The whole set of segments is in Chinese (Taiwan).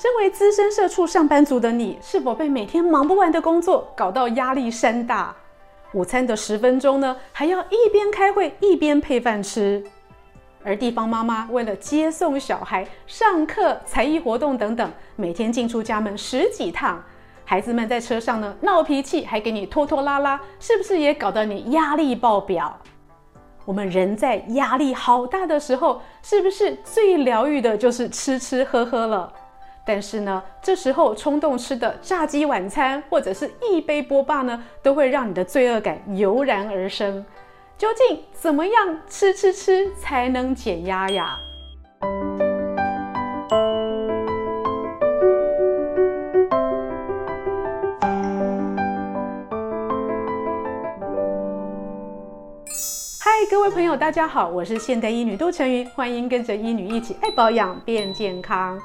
身為資深社畜上班族的你，是否被每天忙不完的工作搞到壓力山大？午餐的十分鐘呢，還要一邊開會一邊配飯吃。而地方媽媽為了接送小孩上課、才藝活動等等，每天進出家門十幾趟，孩子們在車上呢鬧脾氣，還給你拖拖拉拉，是不是也搞得你壓力爆表？我們人在壓力好大的時候，是不是最療癒的就是吃吃喝喝了？但是呢，這時候衝動吃的炸雞晚餐，或者是一杯波霸呢，都會讓你的罪惡感油然而生。究竟怎麼樣吃吃吃才能減壓呀？嗨，各位朋友，大家好，我是現代醫女杜丞蕓，歡迎跟着醫女一起愛保養變健康。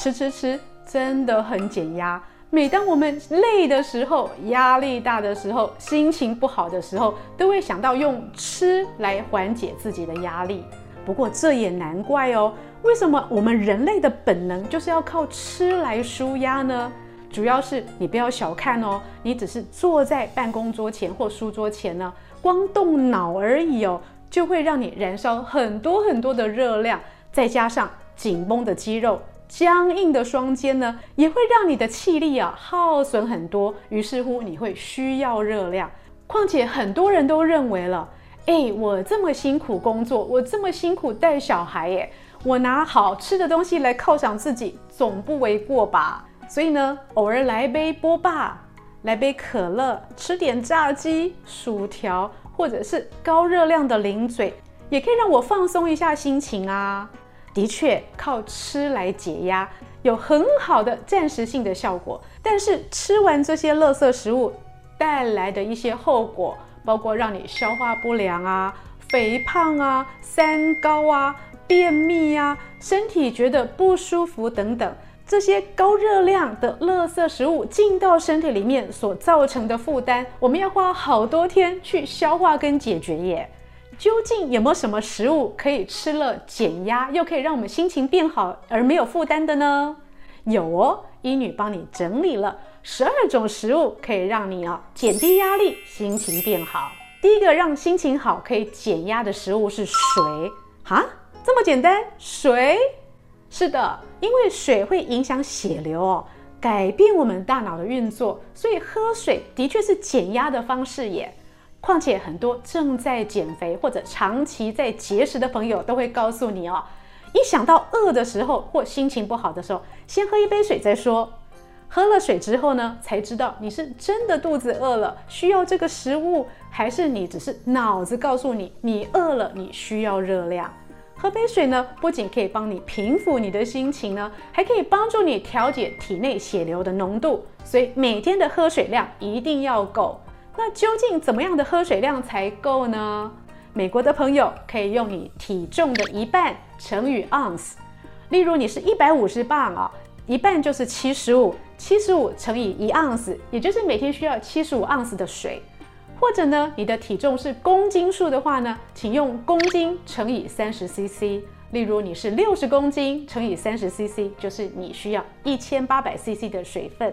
吃吃吃真的很減壓。每當我們累的時候、壓力大的時候、心情不好的時候，都會想到用吃來緩解自己的壓力。不過這也難怪哦，為什麼我們人類的本能就是要靠吃來舒壓呢？主要是你不要小看哦，你只是坐在辦公桌前或書桌前呢，光動腦而已哦，就會讓你燃燒很多很多的熱量，再加上緊繃的肌肉。僵硬的雙肩呢，也會讓你的氣力啊耗損很多。於是乎，你會需要熱量。況且很多人都認為了，哎、欸，我這麼辛苦工作，我這麼辛苦帶小孩，哎，我拿好吃的東西來犒賞自己，總不為過吧？所以呢，偶爾來杯波霸，來杯可樂，吃點炸雞、薯條，或者是高熱量的零嘴，也可以讓我放鬆一下心情啊。的確，靠吃來解壓，有很好的暫時性的效果。但是吃完這些垃圾食物帶來的一些後果，包括讓你消化不良啊、肥胖啊、三高啊、便秘呀、啊、身體覺得不舒服等等，這些高熱量的垃圾食物進到身體裡面所造成的負擔，我們要花好多天去消化跟解決耶。究竟有沒有什麼食物可以吃了減壓，又可以讓我們心情變好而沒有負擔的呢？有哦，醫女幫你整理了十二種食物可以讓你啊減低壓力、心情變好。第一個讓心情好可以減壓的食物是水。哈，這麼簡單，水？是的，因為水會影響血流哦，改變我們大腦的運作，所以喝水的確是減壓的方式耶。況且，很多正在減肥或者長期在節食的朋友都會告訴你哦，一想到餓的時候或心情不好的時候，先喝一杯水再說。喝了水之後呢，才知道你是真的肚子餓了，需要這個食物，還是你只是腦子告訴你你餓了，你需要熱量。喝杯水呢，不僅可以幫你平復你的心情呢，還可以幫助你調節體內血流的濃度。所以，每天的喝水量一定要夠。那究竟怎麼樣的喝水量才夠呢？美國的朋友可以用你體重的一半乘以盎司。例如，你是150磅啊，一半就是75，75 75乘以一盎司，也就是每天需要75盎司的水。或者呢，你的體重是公斤數的話呢，請用公斤乘以 30cc。例如，你是60公斤乘以 30cc，就是你需要 1800cc 的水分。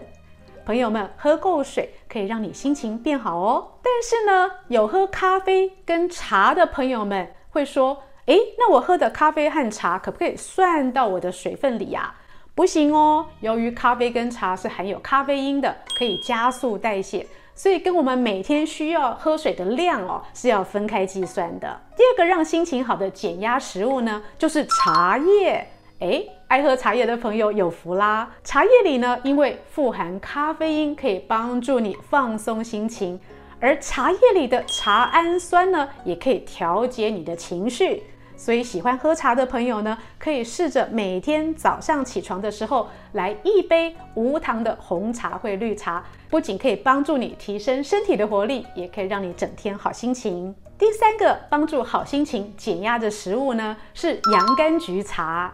朋友們，喝夠水可以讓你心情變好哦。但是呢，有喝咖啡跟茶的朋友們會說：“哎，那我喝的咖啡和茶可不可以算到我的水分裡呀？”不行哦，由於咖啡跟茶是含有咖啡因的，可以加速代謝，所以跟我們每天需要喝水的量哦是要分開計算的。第二個讓心情好的減壓食物呢，就是茶葉。哎。愛喝茶葉的朋友有福啦！茶葉裡呢，因為富含咖啡因，可以幫助你放鬆心情；而茶葉裡的茶氨酸呢，也可以調節你的情緒。所以喜歡喝茶的朋友呢，可以試着每天早上起床的時候來一杯無糖的紅茶或綠茶，不僅可以幫助你提升身體的活力，也可以讓你整天好心情。第三個幫助好心情減壓的食物呢，是洋甘菊茶。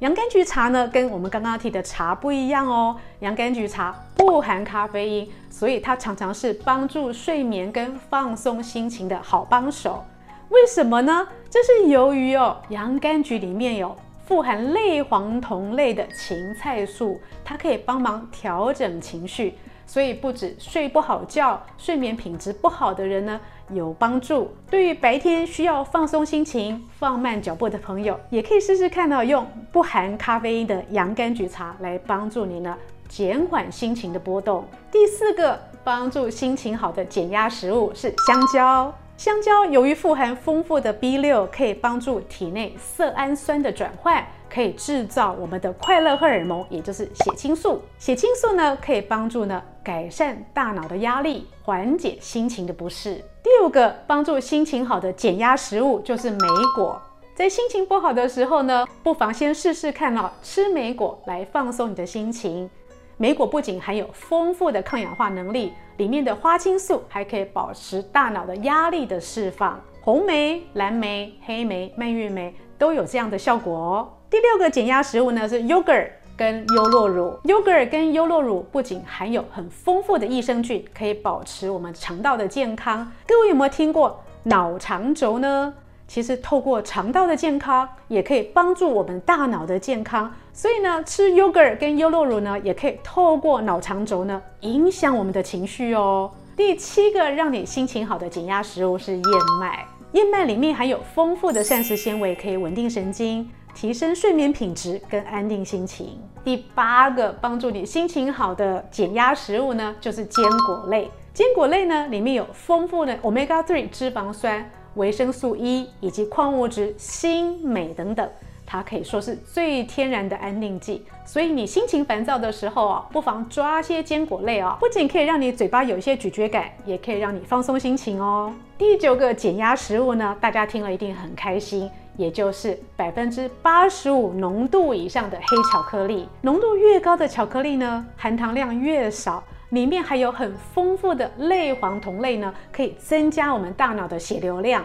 洋甘菊茶呢，跟我們剛剛提的茶不一樣哦。洋甘菊茶不含咖啡因，所以它常常是幫助睡眠跟放鬆心情的好幫手。為什麼呢？這是由於哦，洋甘菊裡面有富含類黃酮類的芹菜素，它可以幫忙調整情緒。所以不止睡不好覺、睡眠品質不好的人呢有幫助，對於白天需要放鬆心情、放慢腳步的朋友，也可以試試看到用不含咖啡因的洋甘菊茶來幫助你呢減緩心情的波動。第四個幫助心情好的減壓食物是香蕉。香蕉由於富含豐富的 B6，可以幫助體內色氨酸的轉換，可以制造我們的快樂荷爾蒙，也就是血清素。血清素呢可以幫助呢。改善大腦的壓力，緩解心情的不適。第五個幫助心情好的減壓食物就是莓果。在心情不好的時候呢，不妨先試試看哦，吃莓果來放鬆你的心情。莓果不僅含有豐富的抗氧化能力，裡面的花青素還可以保持大腦的壓力的釋放。紅莓、藍莓、黑莓、蔓越莓都有這樣的效果哦。第六個減壓食物呢是 yogurt。跟優酪乳、yogurt 跟優酪乳不僅含有很豐富的益生菌，可以保持我們腸道的健康。各位有沒有聽過腦腸軸呢？其實透過腸道的健康，也可以幫助我們大腦的健康。所以呢，吃 yogurt 跟優酪乳呢，也可以透過腦腸軸呢，影響我們的情緒哦。第七個讓你心情好的減壓食物是燕麥。燕麥裡面含有豐富的膳食纖維，可以穩定神經。提升睡眠品質跟安定心情。第八個幫助你心情好的減壓食物呢，就是堅果類。堅果類呢，裡面有豐富的 omega-3 脂肪酸、維生素 E 以及礦物質鋅、鎂等等，它可以說是最天然的安定劑。所以你心情煩躁的時候啊哦，不妨抓些堅果類哦，不僅可以讓你嘴巴有一些咀嚼感，也可以讓你放鬆心情哦。第九個減壓食物呢，大家聽了一定很開心。也就是百分之八十五濃度以上的黑巧克力，濃度越高的巧克力呢，含糖量越少，裡面含有很豐富的類黃酮類呢，可以增加我們大腦的血流量，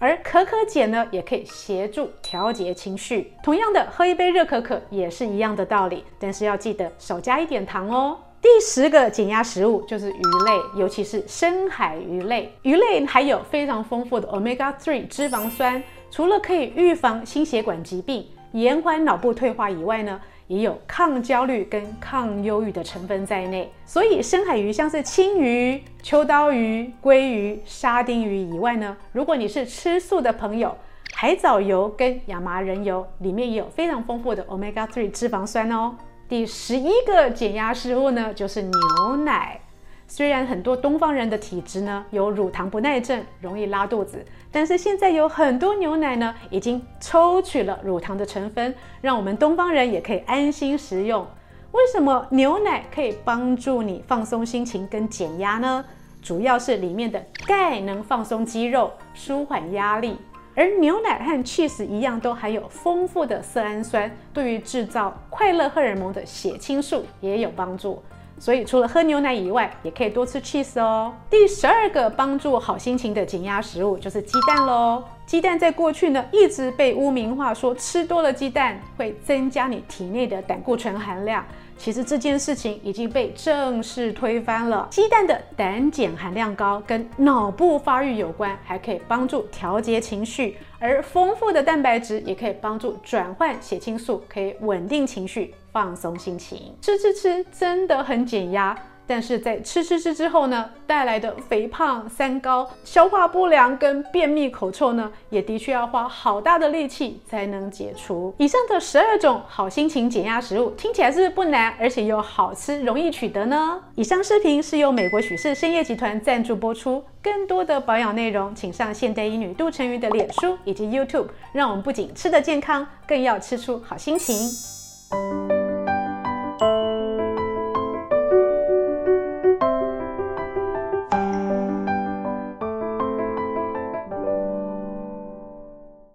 而可可鹼呢，也可以協助調節情緒。同樣的，喝一杯熱可可也是一樣的道理，但是要記得少加一點糖哦。第十個減壓食物就是魚類，尤其是深海魚類，魚類含有非常豐富的 omega 3脂肪酸。除了可以預防心血管疾病，延緩腦部退化以外呢，也有抗焦慮跟抗憂鬱的成分在內。所以深海魚，像是鯖魚、秋刀魚、鮭魚、沙丁魚以外呢，如果你是吃素的朋友，海藻油跟亞麻仁油裡面也有非常豐富的 Omega three 脂肪酸哦。第十一個減壓食物呢，就是牛奶。雖然很多東方人的體質呢有乳糖不耐症，容易拉肚子，但是現在有很多牛奶呢已經抽取了乳糖的成分，讓我們東方人也可以安心食用。為什麼牛奶可以幫助你放鬆心情跟減壓呢？主要是裡面的鈣能放鬆肌肉，舒緩壓力。而牛奶和 cheese 一樣，都含有豐富的色氨酸，對於製造快樂荷爾蒙的血清素也有幫助。所以，除了喝牛奶以外，也可以多吃 cheese 哦。第十二個幫助好心情的減壓食物就是雞蛋嘍。雞蛋在過去呢，一直被污名化，說吃多了雞蛋會增加你體內的膽固醇含量。其實這件事情已經被正式推翻了。雞蛋的膽鹼含量高，跟腦部發育有關，還可以幫助調節情緒；而豐富的蛋白質也可以幫助轉換血清素，可以穩定情緒、放鬆心情。吃吃吃，真的很減壓。但是在吃吃吃之後呢，帶來的肥胖、三高、消化不良跟便秘、口臭呢，也的確要花好大的力氣才能解除。以上的十二種好心情減壓食物，聽起來是不,是不難，而且又好吃、容易取得呢？以上視頻是由美國許氏參業集團贊助播出。更多的保養內容，請上現代醫女杜丞蕓的臉書以及 YouTube。讓我們不僅吃得健康，更要吃出好心情。